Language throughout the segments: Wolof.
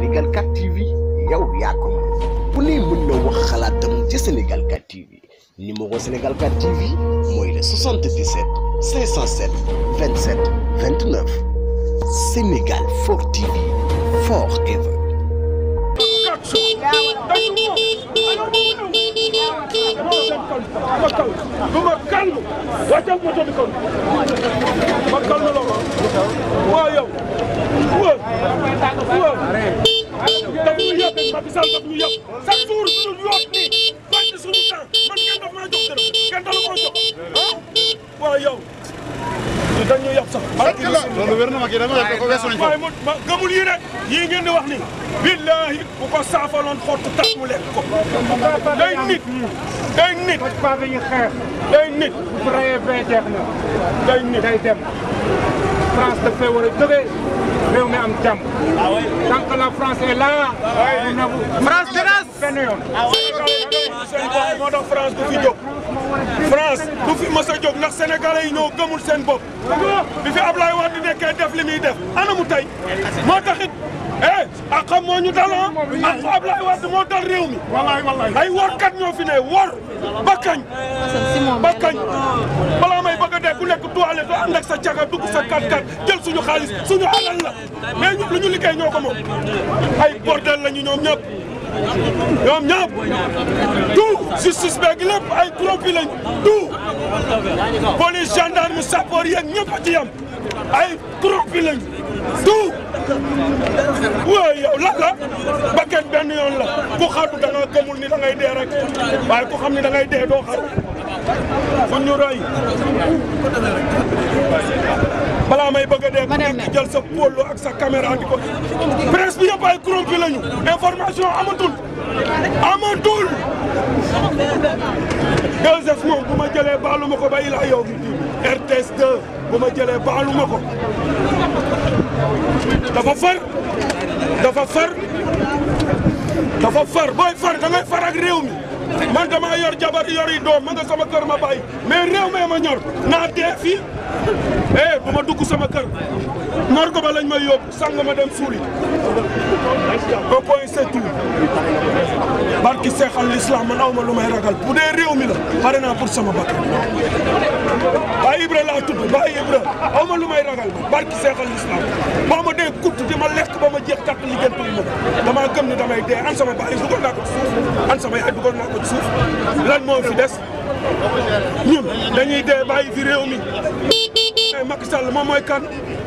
Sénégal 4 TV yow yaa ko moom ku ne mën Sénégal 4 TV numéro Sénégal 4 TV mooy le 77 507 27 29 Sénégal 4 TV Sete jours, New York, New York, New York, New York, New York, New York, New York, New é New York, que York, New York, New York, New York, New York, New York, New York, New York, New York, New York, loolu wér na ma kii dama ko weesu nañ ko ma gëmul yi ne yii wax ni billaahi bu ko saafaloon xottu tas mu lekk day nit day nit pa bi xeex day nit bu rayee bee jeex na day nit day dem France daf fee war a jógee réew mi am jàmm ah tant la France est là ah France dina benn yoon ah seen bopp moo tax France du fi France du fi mës a jóg ndax sénégalais yi ñoo gëmul seen bopp bi fi Ablaye Wade di nekkee def eh ak xam moo ñu dal ah. ak Ablaye Wade moo dal réew mi ay workat ñoo fi ne wor ba kañ ba kañ balaa may bëgg a dee ku nekk toilette ànd ak sa caga dugg sa kat-kat jël suñu xaalis la la ñoom ñëpp tout justice beeg lépp ay trompi lañ tout police gendarme sapeur yeeg ñëpp a ci yem ay trompi lañ tout waaye yow lan la baket benn yoon la ku xatu da nga gëmul ni da ngay dee rek waaye ku xam ni da ngay dee doo xatu kon ñu roy balaa may bëgg dee ku nekk jël sa polo ak sa caméra di ko presse bi yëpp ay corrompu lañu information amatul amatul 2S bu ma jëlee baalu ma ba ilaa yow RTS 2 bu ma jëlee baalu ma ko dafa far dafa far dafa far booy far da ngay far ak réew mi man dama yor jabar yori doom ma nga sama kër ma bàyyi ma réew mee ma ñor naa dee fii eh bu ma dugg sama kër morgo ba lañ ma yóbbu sang ma dem suuli au point barki seexal lislaam man aw ma lu may ragal bu dee réew mi la pare naa pour sama bakkan Baye Ibra laa tudd Baye Ibra aw ma lu may ragal barki seexal lislaam boo ma dee kutt di ma lekk ba ma jeex tàkk liggéey bi ma damaa gëm ni damay dee an sama baay dugal naa ko ci suuf an sama yaay dugal naa ko suuf lan moo fi des ñun dañuy dee bàyyi fi réew mi Macky Sall moom mooy kan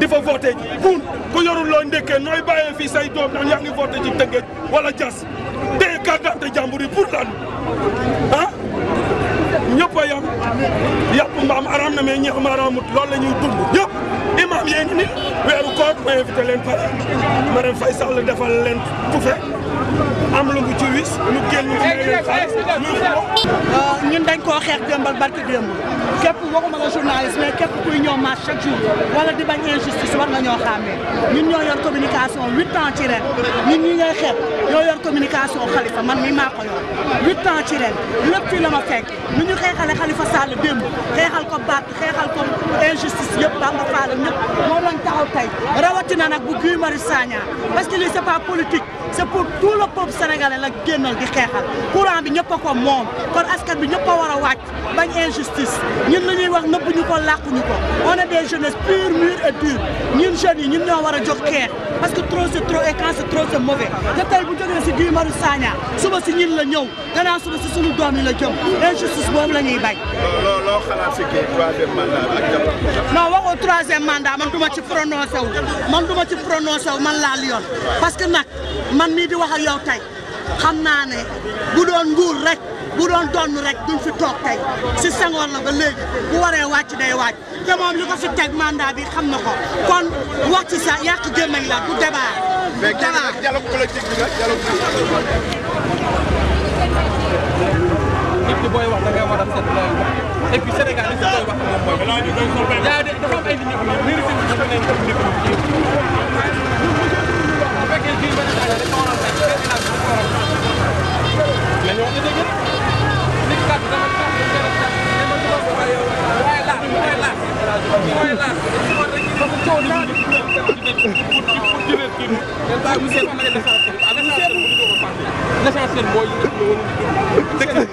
di fa voté ji buun ku yorul loo ndekkee nooy bàyyee fii say doom naan yaa ngi voté ji Tëngéej wala jas tey carte d'identité jàmbur yi pour lan ah ñëpp a yam yàpp mbaam aram na mais ñeex ma aramut loolu la ñuy dund ñëpp imam yee ngi ni weeru koor ma invité leen pare Marème Faye Sall defal leen tufe am lu ci wis lu génn ñu ñun dañ koo xeex démbal barki démb képp waxuma la journaliste mais képp kuy ñëw marche chaque jour wala di bañ injustice war nga ñoo xàmmee ñun ñoo yor communication huit ans ci ren ñun ñi ngay xeeb ñoo yor communication Khalifa man mi maa ko yor ci ren lépp fii la ma fekk nu ñu xeexale Khalifa Sall démb xeexal ko baat xeexal ko injustice yëpp Bamba Fall ak ñëpp moom lañ taxaw tey rawatina nag bu Guy Marius Sagna parce que lii c'est pas politique c'est pour la génnal di xeexal courant bi ñëpp a ko moom kon askan bi ñëpp a war a wàcc bañ injustice ñun lu ñuy wax nëbbuñu ko làquñu ko on est des jeunes purs mûrs et durs ñun jeunes yi ñun ñoo war a xeex parce que trop c'est trop et quand c'est te tey bu jógee si Guy Marius suba si ñin la ñëw gannaaw suba si sunu doom yi la jëm injustice boobu la ñuy bañ. waxu troisième mandat man duma ci prononcé wu man duma ci prononcé wu man laa Lion parce que nag man mii di wax ak yow tey xam naa ne bu doon nguur rek bu doon donn rek duñ fi toog tey si Senghor la ba léegi bu waree wàcc day wàcc te moom li ko fi teg mandat bi xam na ko kon wax ci sa yàq gémmañ la du débat. débat mais dialogue collectif bi ci booy wax da ngay war a seet looy wax et puis Sénégal li si koy wax moom mooy yaa de dafa am ay nit ñi mérite bi dafa nekk ci nit ñi bu fekkee kii ba dafa dafa war a fay benn laaj dafa war a mais ñoo ko dégg nit kat dama tax ñu gën a tax dama ci wax waaye waaye laaj waaye laaj waaye laaj parce que coow li ñu def pour pour pour divertir leen bàyyi mu seet wax la l'essentiel l'essentiel mooy li nga xam ne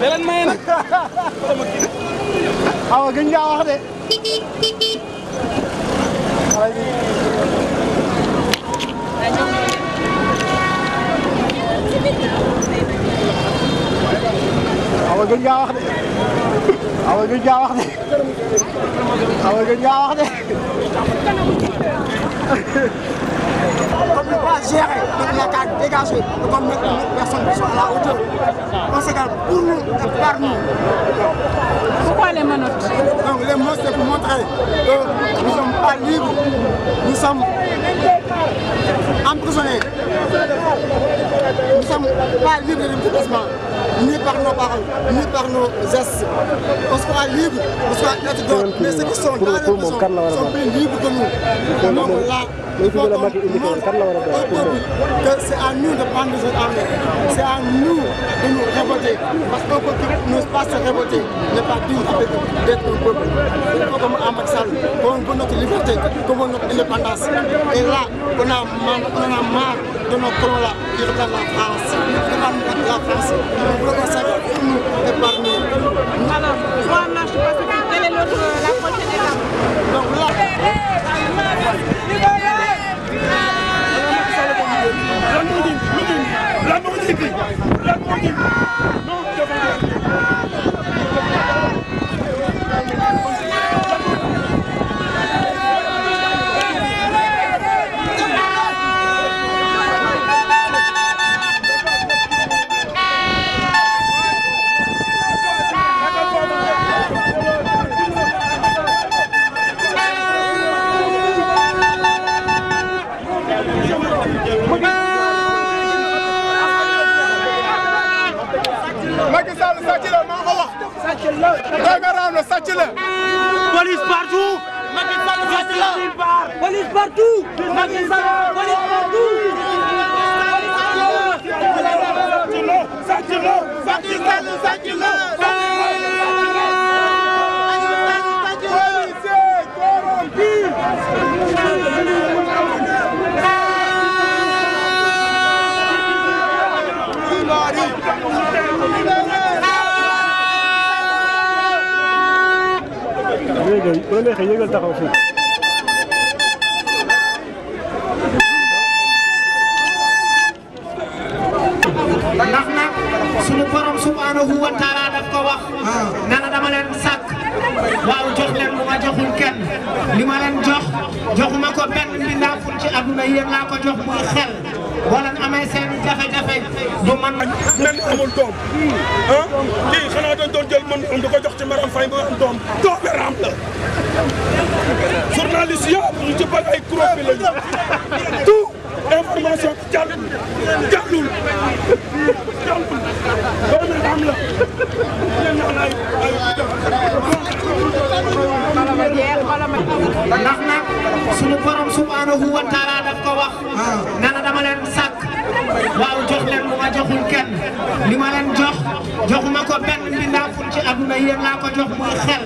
dalan maye nag awa gën ngaa wax de awa gën aan? wax de awa gën ngaa wax de awa gën ngaa wax de Comme ne pas gérer, comme n'y a qu'à dégager. Comme mettre personne qui soit à la hauteur. On s'égale pour nous et par nous. Pourquoi les manottes Donc les mots, c'est pour montrer que nous ne sommes pas libres. Nous sommes emprisonnés. Nous ne sommes pas libres de déplacement ni par nos paroles, ni par nos gestes. On sera libre, on sera être mais ceux qui sont dans la sont plus libres que nous. Donc là, il faut au que c'est à nous de prendre les armes. C'est à nous de nous révolter. Parce qu'on ne peut pas se révolter n'est pas digne d'être un peuple. Il comme Amak comme pour notre liberté, comme pour notre indépendance. Et là, on a marre, on a marre de nos colons là qui la France. Ils regardent la France. Ils veulent qu'on s'arrête pour nous et par la police partout. police partout. police partout. la neexee yëgal taxaw fii. ndax nag sunu borom subhanahu wa taala daf ko wax. Ah. nana dama leen sàkk. waaw jox leen lu ma joxul kenn. li ma leen jox joxuma ko benn mbindaaful ci àdduna yéen laa ko jox muy xel. wala amee seen jafe-jafe du man mel ni amul doom ah kii xanaa dañ doon jël man am da ko jox ci Maram Faye ba am doom doomi raam la journaliste yëpp ñu ci bëri ay kuréel bi lañu tout information bi jàll jàllul jàllul doomi raam la leen naan ay ay ndax sunu borom subhanahu wa taala daf wax nana ah. dama leen sàkk waaw jox leen lu ma kenn li ma leen jox joxuma ko benn mbindaaful ci àdduna jox muy xel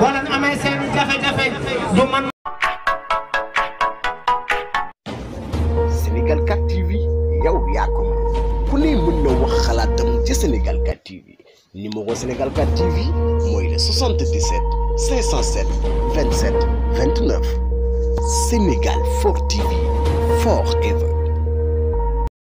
boo amee seen jafe-jafe du man Sénégal 4 TV yow yaa ko ku ne mën na wax xalaatam ci Sénégal 4 TV numéro Sénégal 4 TV mooy le 77 507 27 29 Sénégal for TV forever.